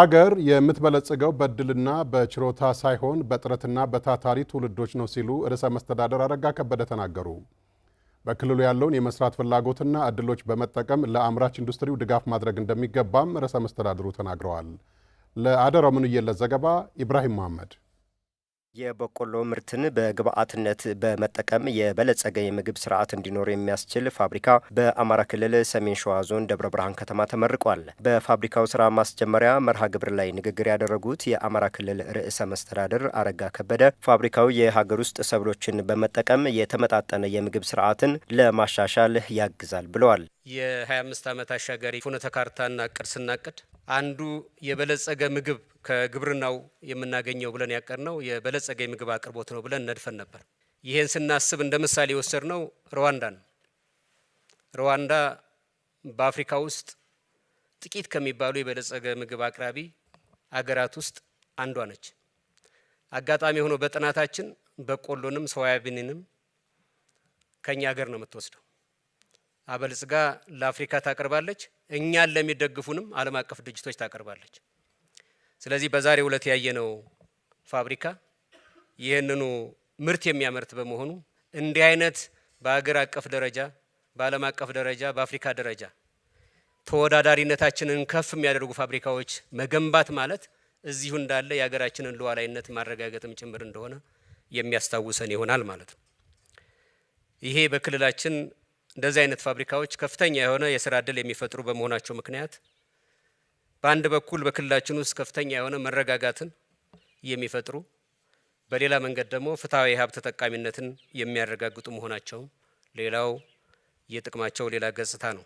ሀገር የምትበለጽገው በእድልና በችሮታ ሳይሆን በጥረትና በታታሪ ትውልዶች ነው ሲሉ ርዕሰ መስተዳደር አረጋ ከበደ ተናገሩ። በክልሉ ያለውን የመስራት ፍላጎትና እድሎች በመጠቀም ለአምራች ኢንዱስትሪው ድጋፍ ማድረግ እንደሚገባም ርዕሰ መስተዳድሩ ተናግረዋል። ለአደራው ምንየለት ዘገባ ኢብራሂም መሐመድ የበቆሎ ምርትን በግብአትነት በመጠቀም የበለጸገ የምግብ ስርዓት እንዲኖር የሚያስችል ፋብሪካ በአማራ ክልል ሰሜን ሸዋ ዞን ደብረ ብርሃን ከተማ ተመርቋል። በፋብሪካው ስራ ማስጀመሪያ መርሃ ግብር ላይ ንግግር ያደረጉት የአማራ ክልል ርዕሰ መስተዳድር አረጋ ከበደ ፋብሪካው የሀገር ውስጥ ሰብሎችን በመጠቀም የተመጣጠነ የምግብ ስርዓትን ለማሻሻል ያግዛል ብለዋል። የ25 ዓመት አሻጋሪ ፍኖተ ካርታና እቅድ ስናቅድ አንዱ የበለጸገ ምግብ ከግብርናው የምናገኘው ብለን ያቀድነው የበለጸገ የምግብ አቅርቦት ነው ብለን ነድፈን ነበር። ይህን ስናስብ እንደ ምሳሌ የወሰድነው ሩዋንዳ ነው። ሩዋንዳ በአፍሪካ ውስጥ ጥቂት ከሚባሉ የበለጸገ ምግብ አቅራቢ አገራት ውስጥ አንዷ ነች። አጋጣሚ ሆኖ በጥናታችን በቆሎንም ሶያቢንንም ከኛ ሀገር ነው የምትወስደው። አበልጽጋ ለአፍሪካ ታቀርባለች። እኛን ለሚደግፉንም ዓለም አቀፍ ድርጅቶች ታቀርባለች። ስለዚህ በዛሬው ዕለት ያየነው ፋብሪካ ይህንኑ ምርት የሚያመርት በመሆኑ እንዲህ አይነት በሀገር አቀፍ ደረጃ በዓለም አቀፍ ደረጃ በአፍሪካ ደረጃ ተወዳዳሪነታችንን ከፍ የሚያደርጉ ፋብሪካዎች መገንባት ማለት እዚሁ እንዳለ የሀገራችንን ሉዓላዊነት ማረጋገጥም ጭምር እንደሆነ የሚያስታውሰን ይሆናል ማለት ነው። ይሄ በክልላችን እንደዚህ አይነት ፋብሪካዎች ከፍተኛ የሆነ የስራ እድል የሚፈጥሩ በመሆናቸው ምክንያት በአንድ በኩል በክልላችን ውስጥ ከፍተኛ የሆነ መረጋጋትን የሚፈጥሩ በሌላ መንገድ ደግሞ ፍትሐዊ ሀብት ተጠቃሚነትን የሚያረጋግጡ መሆናቸውም ሌላው የጥቅማቸው ሌላ ገጽታ ነው።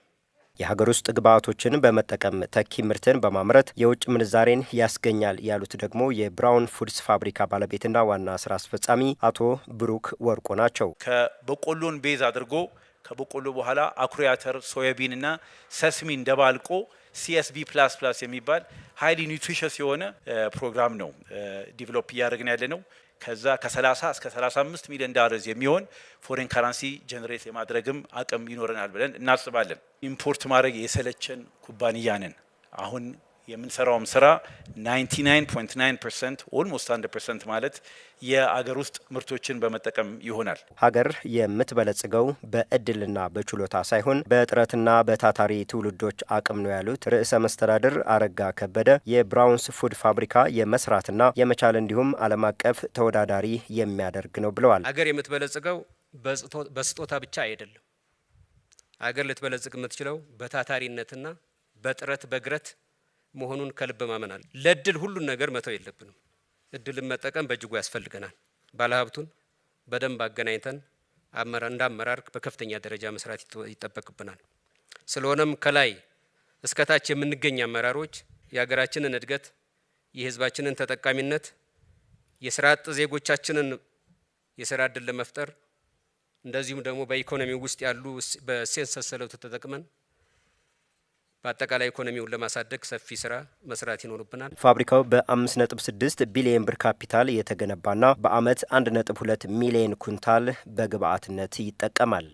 የሀገር ውስጥ ግብዓቶችን በመጠቀም ተኪ ምርትን በማምረት የውጭ ምንዛሬን ያስገኛል ያሉት ደግሞ የብራውን ፉድስ ፋብሪካ ባለቤትና ዋና ስራ አስፈጻሚ አቶ ብሩክ ወርቆ ናቸው። ከበቆሎን ቤዝ አድርጎ ከበቆሎ በኋላ አኩሪ አተር፣ ሶያቢን እና ሰስሚን ደባልቆ ሲኤስቢ ፕላስ ፕላስ የሚባል ሀይሊ ኒትሪሽስ የሆነ ፕሮግራም ነው ዲቨሎፕ እያደረግን ያለ ነው። ከዛ ከ30 እስከ 35 ሚሊዮን ዳላርስ የሚሆን ፎሬን ካረንሲ ጀኔሬት የማድረግም አቅም ይኖረናል ብለን እናስባለን። ኢምፖርት ማድረግ የሰለቸን ኩባንያ ነን። አሁን የምንሰራውም ስራ 99.9 ኦልሞስት 1 ማለት የአገር ውስጥ ምርቶችን በመጠቀም ይሆናል። ሀገር የምትበለጽገው በእድልና በችሎታ ሳይሆን በጥረትና በታታሪ ትውልዶች አቅም ነው ያሉት ርዕሰ መስተዳድር አረጋ ከበደ የብራውንስ ፉድ ፋብሪካ የመስራትና የመቻል እንዲሁም ዓለም አቀፍ ተወዳዳሪ የሚያደርግ ነው ብለዋል። ሀገር የምትበለጽገው በስጦታ ብቻ አይደለም። ሀገር ልትበለጽግ የምትችለው በታታሪነትና በጥረት በግረት መሆኑን ከልብ ማመናል። ለእድል ሁሉን ነገር መተው የለብንም። እድልን መጠቀም በእጅጉ ያስፈልገናል። ባለሀብቱን በደንብ አገናኝተን እንደ አመራር በከፍተኛ ደረጃ መስራት ይጠበቅብናል። ስለሆነም ከላይ እስከታች የምንገኝ አመራሮች የሀገራችንን እድገት፣ የህዝባችንን ተጠቃሚነት፣ የስራ አጥ ዜጎቻችንን የስራ እድል ለመፍጠር እንደዚሁም ደግሞ በኢኮኖሚ ውስጥ ያሉ በሴንሰስ ሰለቱ ተጠቅመን በአጠቃላይ ኢኮኖሚውን ለማሳደግ ሰፊ ስራ መስራት ይኖርብናል። ፋብሪካው በ5.6 ቢሊዮን ብር ካፒታል የተገነባና በአመት 1.2 ሚሊዮን ኩንታል በግብአትነት ይጠቀማል።